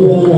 Senhor. Uhum.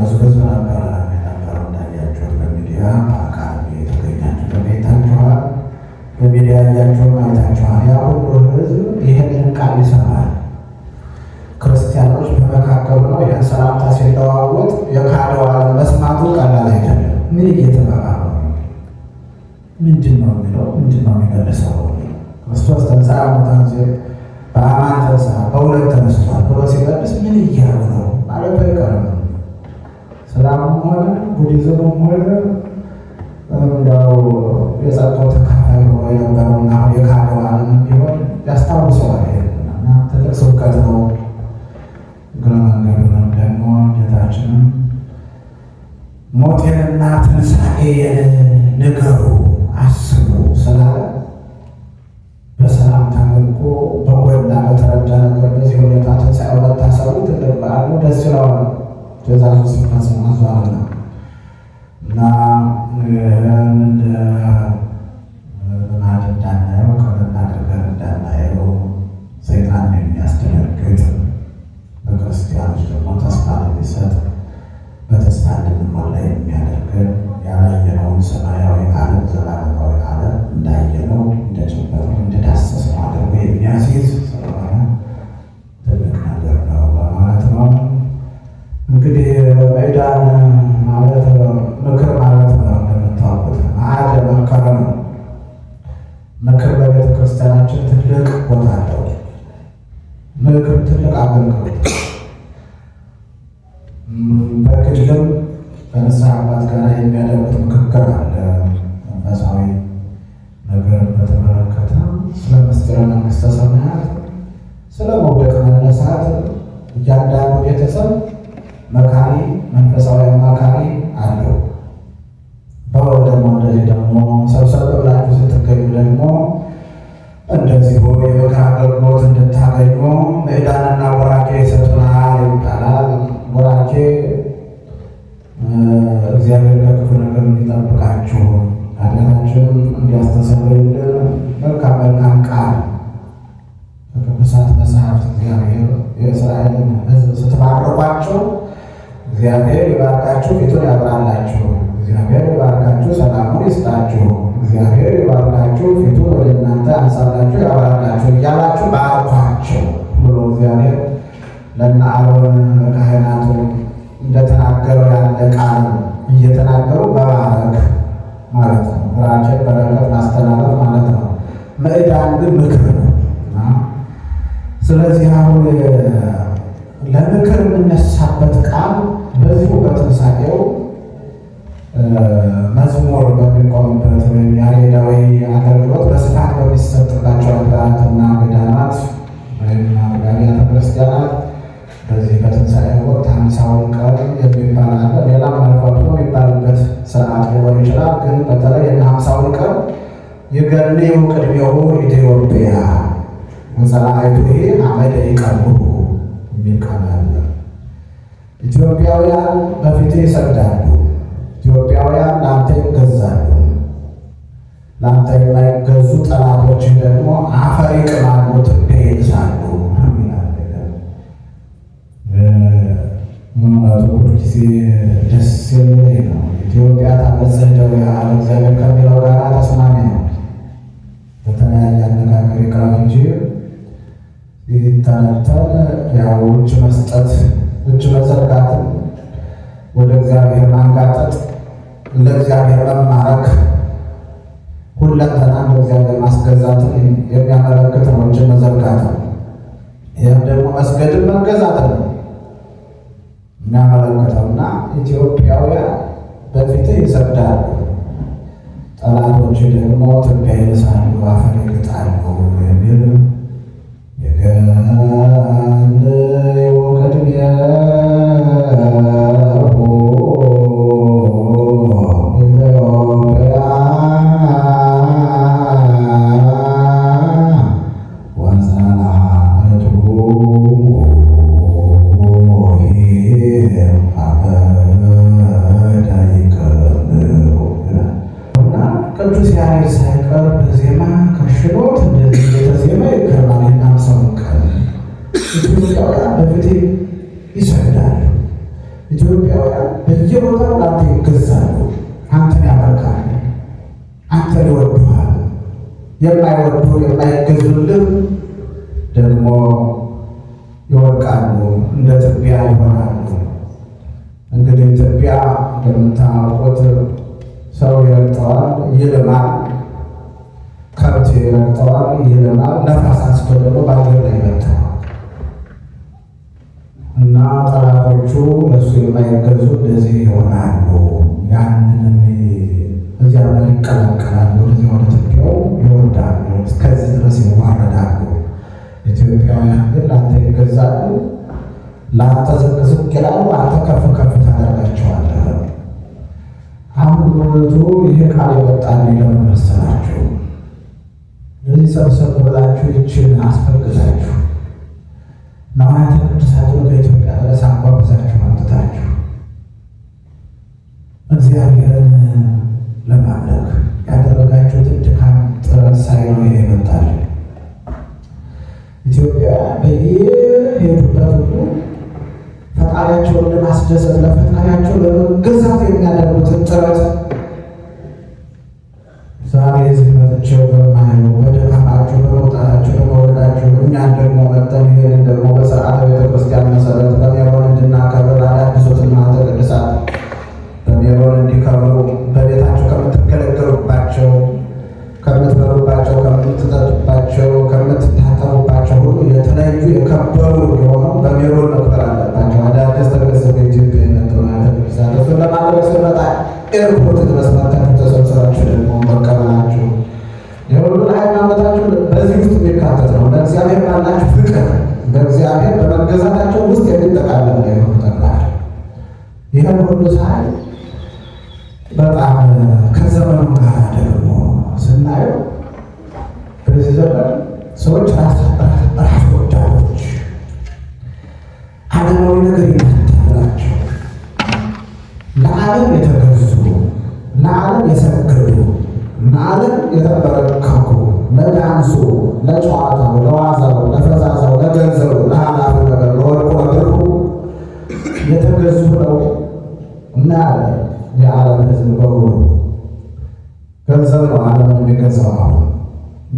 ብዙ ህዝብ ነበር የነበረው። እንዳያቸው በሚዲያ በአካል የተገኛቸው ተገኝታችኋል። በሚዲያ እያቸው አይታችኋል። ያ ሁሉ ህዝብ ይህንን ቃል ይሰማል። ክርስቲያኖች በመካከሉ ነው ይህን ሰላምታ ሲለዋወጥ የካደው መስማቱ ቀላል አይደለም። ምን እየተባባሉ ምንድን ነው የሚለው ምንድን ነው የሚመልሰው ሞቴንና ትንሣኤን ንገሩ፣ አስቡ። ሰላም ምክር ትልቅ አገልግሎት አባት ጋር የሚያደርጉት ምክክር ነው። ስለዚህ አሁን ለምክር የምነሳበት ቃል በዚሁ በትንሳኤው መዝሙር በሚቆምበት ወይም ያሬዳዊ አገልግሎት በስፋት በሚሰጥባቸው አድባራትና ገዳማት ወይም አብያተ ክርስቲያናት በዚህ በትንሳኤ ወቅት ሀምሳውን ቀን የሚባል አለ። የሚባልበት ስርዓት ሊሆን ይችላል። ግን በተለይ ሀምሳውን ቀን ኢትዮጵያ ወፀባሕቱ አመደ ይቀርቡ የሚል ቃል አለ። ኢትዮጵያውያን በፊትህ ይሰግዳሉ፣ ኢትዮጵያውያን ለአንተ ይገዛሉ፣ ለአንተ የማይገዙ ጠላቶች ደግሞ አፈር ይቅማሉ፣ ትቤ ይልሳሉ። ጊዜ ደስ የሚለኝ ነው። ኢትዮጵያ ታመጽህ እደዊሃ እግዚአብሔር ከሚለው ተነተን ያው እጅ መስጠት እጅ መዘርጋትን ወደ እግዚአብሔር ማንጋጠጥ ለእግዚአብሔር መማረክ ሁለንተና ለእግዚአብሔር ማስገዛትን የሚያመለክት ነው። እጅ መዘርጋት ነው። ይህም ደግሞ መስገድን መገዛት ነው የሚያመለክተው እና ኢትዮጵያውያን በፊትህ ይሰግዳሉ፣ ጠላቶች ደግሞ ትቢያ ይነሳሉ፣ አፈር ይግጣሉ የሚል Yeah. እንደ ትቢያ ይሆናሉ። እንግዲህ ትቢያ እንደምታውቁት ሰው ይረግጠዋል፣ ይልማል። ከብት ይረግጠዋል፣ ይልማል። ነፋስ አንስቶ ደግሞ በአየር ላይ ይመታዋል እና ጠላቶቹ እሱ የማይገዙ እንደዚህ ይሆናሉ። ያንንም እዚያ ላይ ይቀላቀላሉ፣ ወደዚያ ወደ ኢትዮጵያው ይወርዳሉ፣ እስከዚህ ድረስ ይዋረዳሉ። ኢትዮጵያውያን ግን ላንተ ይገዛሉ ለአንተ ዝቅዝቅ ይላሉ፣ አንተ ከፍ ከፍ ታደርጋቸዋለህ። አሁን በእውነቱ ይህ ቃል የወጣልኝ ለምን መሰላችሁ? እዚህ ሰብሰብ ብላችሁ ይችን አስፈግዛችሁ ነዋያተ ቅዱሳቱን ከኢትዮጵያ ድረስ አንጓጉዛችሁ አምጥታችሁ እግዚአብሔርን ለማምለክ ያደረጋችሁትን ድካም ጥረት ሳይሆን ይመጣል። ኢትዮጵያ በየሄዱበት ሁሉ ፈጣሪያቸውን ለማስደሰት ለፈጣሪያቸው ለመገዛት የሚያደርጉትን ጥረት ዛሬ እዚህ መጥቼው በማየው በደካማችሁ በመውጣታችሁ በመወረዳችሁ እኛን ደግሞ መጠን ይሄን ደግሞ በስርዓተ ቤተክርስቲያን መሰረት በሜሮን እንድናከብር አዳዲሶትና ቅዱሳት በሜሮን እንዲከብሩ በቤታችሁ ከምትገለገሉባቸው ከምትበሉባቸው፣ ከምትጠጡባቸው፣ ከምትታጠቡባቸው ሁሉ የተለዩ የከበሩ የሆነው በሜሮን መክበር አለ። Era እና የዓለም ሕዝብ በሙሉ ገንዘብ ነው። ዓለም የሚገዛው አሁን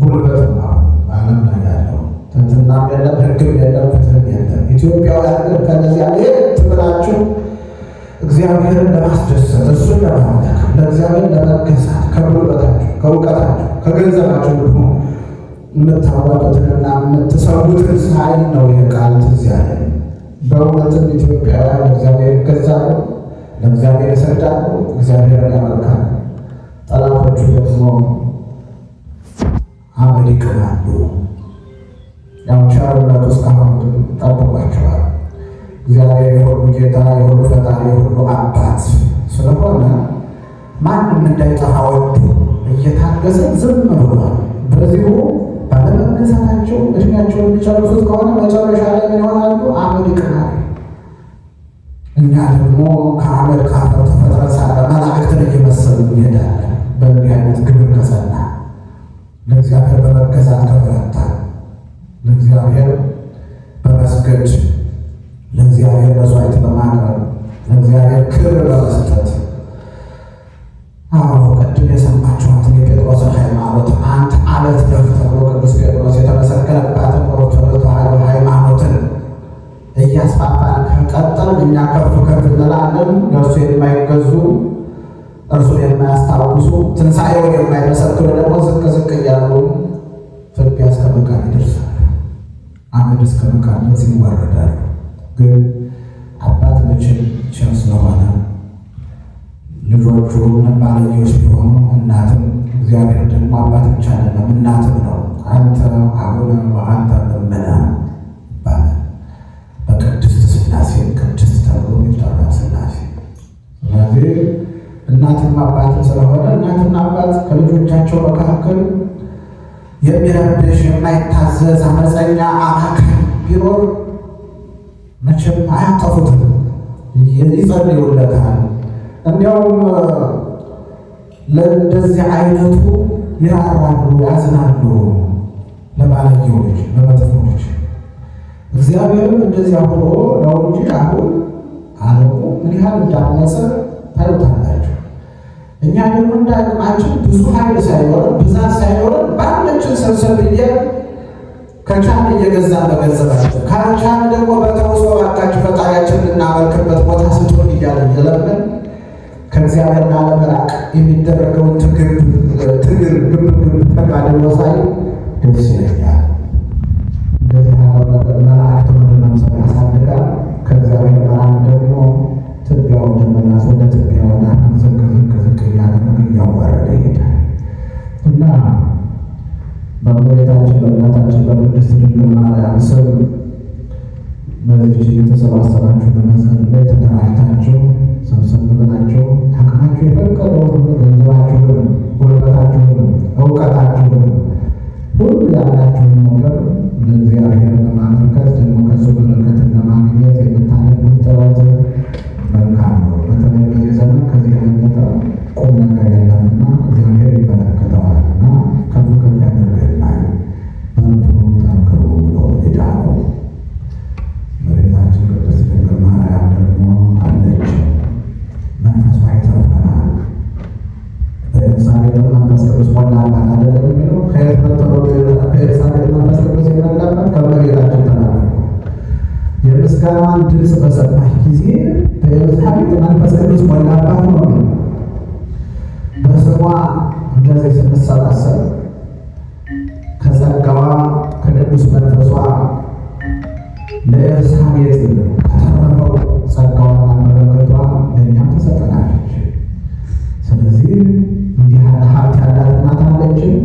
ጉልበት ነው። አሁን ላይ ያለው ትንትናም የለም፣ ሕግም የለም፣ ፍትህም የለም። ኢትዮጵያውያን ግን ከነዚያ ለየት ብላችሁ እግዚአብሔርን ለማስደሰት እሱን ለማምለክ ለእግዚአብሔር ለመገዛት ከጉልበታችሁ፣ ከእውቀታችሁ፣ ከገንዘባችሁ ሁሉ የምታዋጡትንና የምትሰሩትን ሳይል ነው ይህ ትዝ ያለ በእውነትም ኢትዮጵያውያን እግዚአብሔር ይገዛሉ፣ ለእግዚአብሔር ይሰግዳሉ፣ እግዚአብሔርን ያመልካሉ። ጠላቶቹ ደግሞ አመድ ይቀናሉ። ያው ቸርነቱ እስካሁን ጠብቋቸዋል። እግዚአብሔር የሁሉ ጌታ የሁሉ ፈጣሪ የሁሉ አባት ስለሆነ ማንም እንዳይጠፋ ወዱ እየታገሰ ዝም ብሏል። በዚሁ መነሳታቸው እድሜያቸውን የሚጨርሱት ከሆነ መጨረሻ ላይ ይሆናሉ አመድ ይቅናል። እኛ ደግሞ ከአመድ ከአፈር ተፈጥረን ሳለ መላእክትን እየመሰሉ እንሄዳለን። በእንዲህ አይነት ግብር ከሰና ለእግዚአብሔር በመገዛት ከበረታ ለእግዚአብሔር በመስገድ ለእግዚአብሔር መስዋዕት በማቅረብ ለእግዚአብሔር ክብር በመስጠት አዎ ቅድም የሰማችኋት የጴጥሮስን ሃይማኖት አንድ አለት ነህ ተብሎ ቅዱስ ጴጥሮስ የተመሰከረባትን ኦርቶዶክስ ሃይማኖትን እያስፋፋን ከቀጠልን እኛ ከፍ ከፍ እንላለን። ለእርሱ የማይገዙ እርሱ የማያስታውሱ ትንሣኤውን የማይመሰክሩ ደግሞ ዝቅ ዝቅ እያሉ ፍልቅያ እስከ መቃብር ይደርሳል። አመድ እስከ መቃብር ይወረዳል። ግን አባት መቼም ቸር ስለሆነ ልጆቹ ምንም ባለጌዎች ቢሆኑ እናትም እግዚአብሔር ደግሞ አባት ብቻ አይደለም እናትም ነው። አንተ አቡነ ወአንተ እምነ ይባላል። በቅድስት ስላሴ ቅድስት ተብሎ የሚጠራ ሥላሴ። ስለዚህ እናትና አባት ስለሆነ እናትና አባት ከልጆቻቸው መካከል የሚረብሽ የማይታዘዝ አመፀኛ አባካኝ ቢኖር መቼም አያጠፉትም፣ ይጸልዩለታል እንዲያውም ለእንደዚህ አይነቱ ይራራሉ፣ ያዝናሉ ለባለጌዎች ለመጥፎች እግዚአብሔርም እንደዚያ ሆኖ ነው እንጂ አሁን ዓለሙ ምን ያህል እንዳነሰ ታዩታላችሁ። እኛ ደግሞ እንዳቅማችን ብዙ ኃይል ሳይኖረን ብዛት ሳይኖረን ባለችን ሰብሰብ ብዬ ከቻን እየገዛ በገንዘባቸው ከቻን ደግሞ በተወሶ ባካችሁ ፈጣሪያችን እናመልክበት ቦታ ስንሆን እያለ እየለምን ከእግዚአብሔር አለመራቅ የሚደረገውን ትግል ትግል ግብ ግብ ተቃድሎ ሳይ ደስ ይለኛል። እንደዚህ መላእክት ወደ መምሰል ያሳድጋል። ከእግዚአብሔር መራቅ ደግሞ ትቢያው ደመናት ወደ ትቢያው ዳህን ዝቅዝቅዝቅ እያለ እያወረደ ይሄዳል እና በእመቤታችን በእናታችን በቅድስት ድንግል ማርያም ስም በዚህ የተሰባሰባችሁ ለመዘን ላይ ተደራጅታችሁ ሰብሰብ ብላችሁ ታቅማችሁ የፈቀደው ሁሉ ገንዘባችሁንም፣ ጉልበታችሁንም፣ እውቀታችሁንም ሁሉ ያላቸውን ነገር ለእግዚአብሔር በማመልከት ደግሞ ከሱ በረከት ለማግኘት የምታደርጉት ጥረት መልካም ነው። በተለይ ዘመን ከዚህ የበለጠ ቁም ነገር የለምና እግዚአብሔር የምስጋናን ድምፅ በሰማች ጊዜ በኤልሳቤጥ መንፈስ ቅዱስ ሞላባት ነው። በስሟ እንደዚህ ስንሰባሰብ ከጸጋዋ ከቅዱስ መንፈሷ ለኤልሳቤጥ ከተረፈው ጸጋዋና በረከቷ ለእኛም ተሰጠናለች። ስለዚህ ታላቅ እናት አለችን።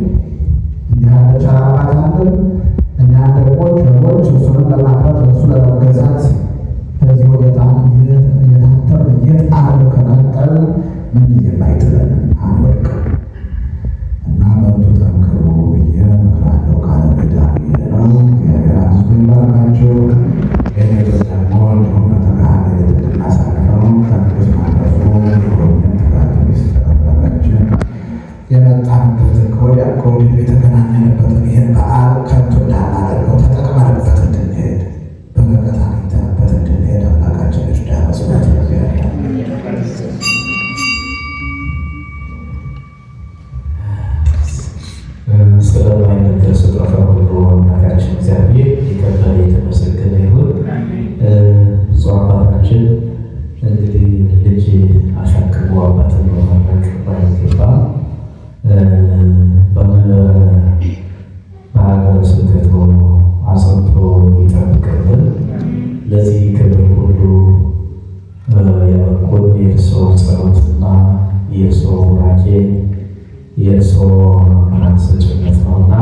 ሰጭነት ነው እና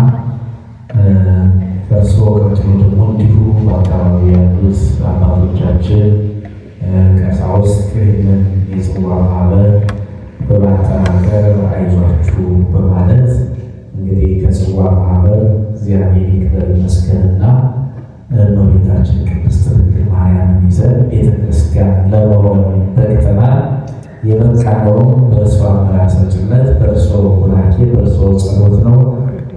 ከእርሶ ቀጥሎ ደግሞ እንዲሁ በአካባቢ ያሉት አባቶቻችን ቀሳውስት ይህንን የጽዋ ማህበር በማጠናከር አይዟችሁ በማለት እንግዲህ ከጽዋ ማህበር እግዚአብሔር ይክበር ይመስገንና እመቤታችን ቅድስት ድንግል ማርያምን ይዘን ቤተክርስቲያን ለመሆን በቅተናል። የበቃነውም በእርሶ አመላሰጭነት፣ በእርሶ ሁናቴ፣ በእርሶ ጸሎት ነው።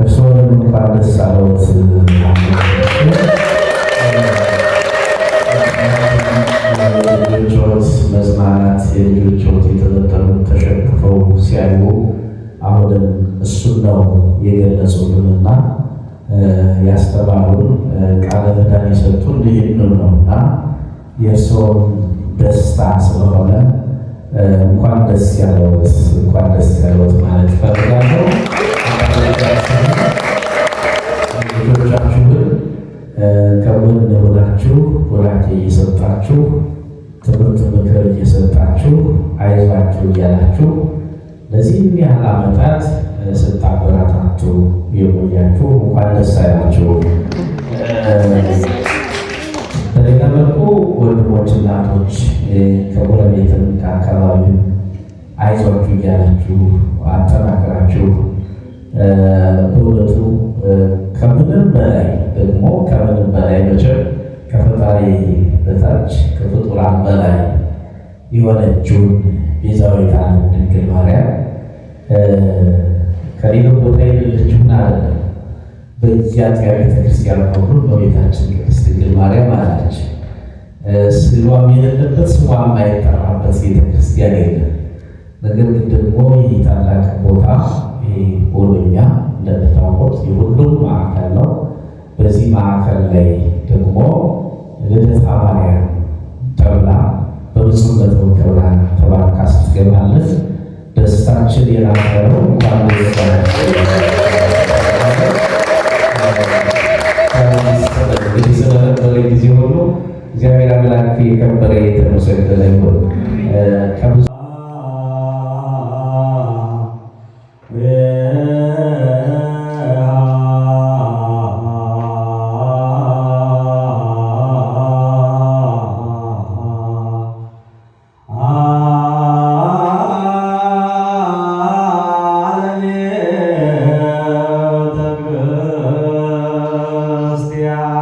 እርስዎንም እንኳን ደስ አለዎት። ልጆች መጽናናት የልጆችዎት የተበተኑት ተሸክፈው ሲያዩ አሁንም እሱን ነው የገለጹልንና ያስተባሉን ቃለ ኪዳን የሰጡን ይህንን ነው እና የእርስዎም ደስታ ስለሆነ እንኳን ደስ ያለዎት እንኳን ደስ ያለዎት ማለት እፈልጋለሁ። ልጆቻችሁን ከምን ሆናችሁ ወላጅ እየሰጣችሁ ትምህርት ምክር እየሰጣችሁ አይዟችሁ እያላችሁ ለዚህም ያህል ዓመታት ስታበረታቱ የቆያችሁ እንኳን ደስ ያላችሁ። ወንድሞች፣ እናቶች ከጎረቤትም ከአካባቢው አይዟችሁ እያላችሁ አጠናክራችሁ በእውነቱ ከምንም በላይ ደግሞ ከምንም በላይ መቼም ከፈጣሪ በታች ከፍጡራን በላይ የሆነችውን ቤዛዊት ድንግል ማርያም ከሌላው ቦታ የሌለችውን አይደለም። በዚያ ጥያ ቤተክርስቲያን ሁሉ በቤታችን ቅድስት ድንግል ማርያም አለች። ስዋም የሌለበት ስዋም አይጠራበት ቤተክርስቲያን የለም። ነገር ግን ደግሞ ይህ ታላቅ ቦታ ቦሎኛ እንደምታውቁት የሁሉም ማዕከል ነው። በዚህ ማዕከል ላይ ደግሞ ልደታ ማርያም sosial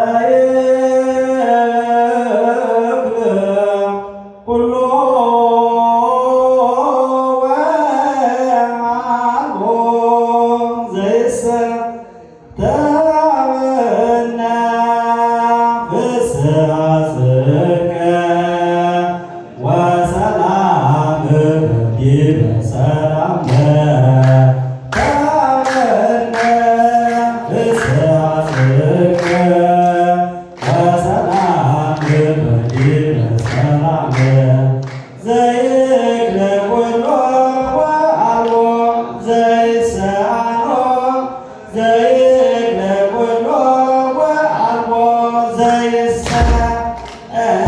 Yeah. Yes, I, I.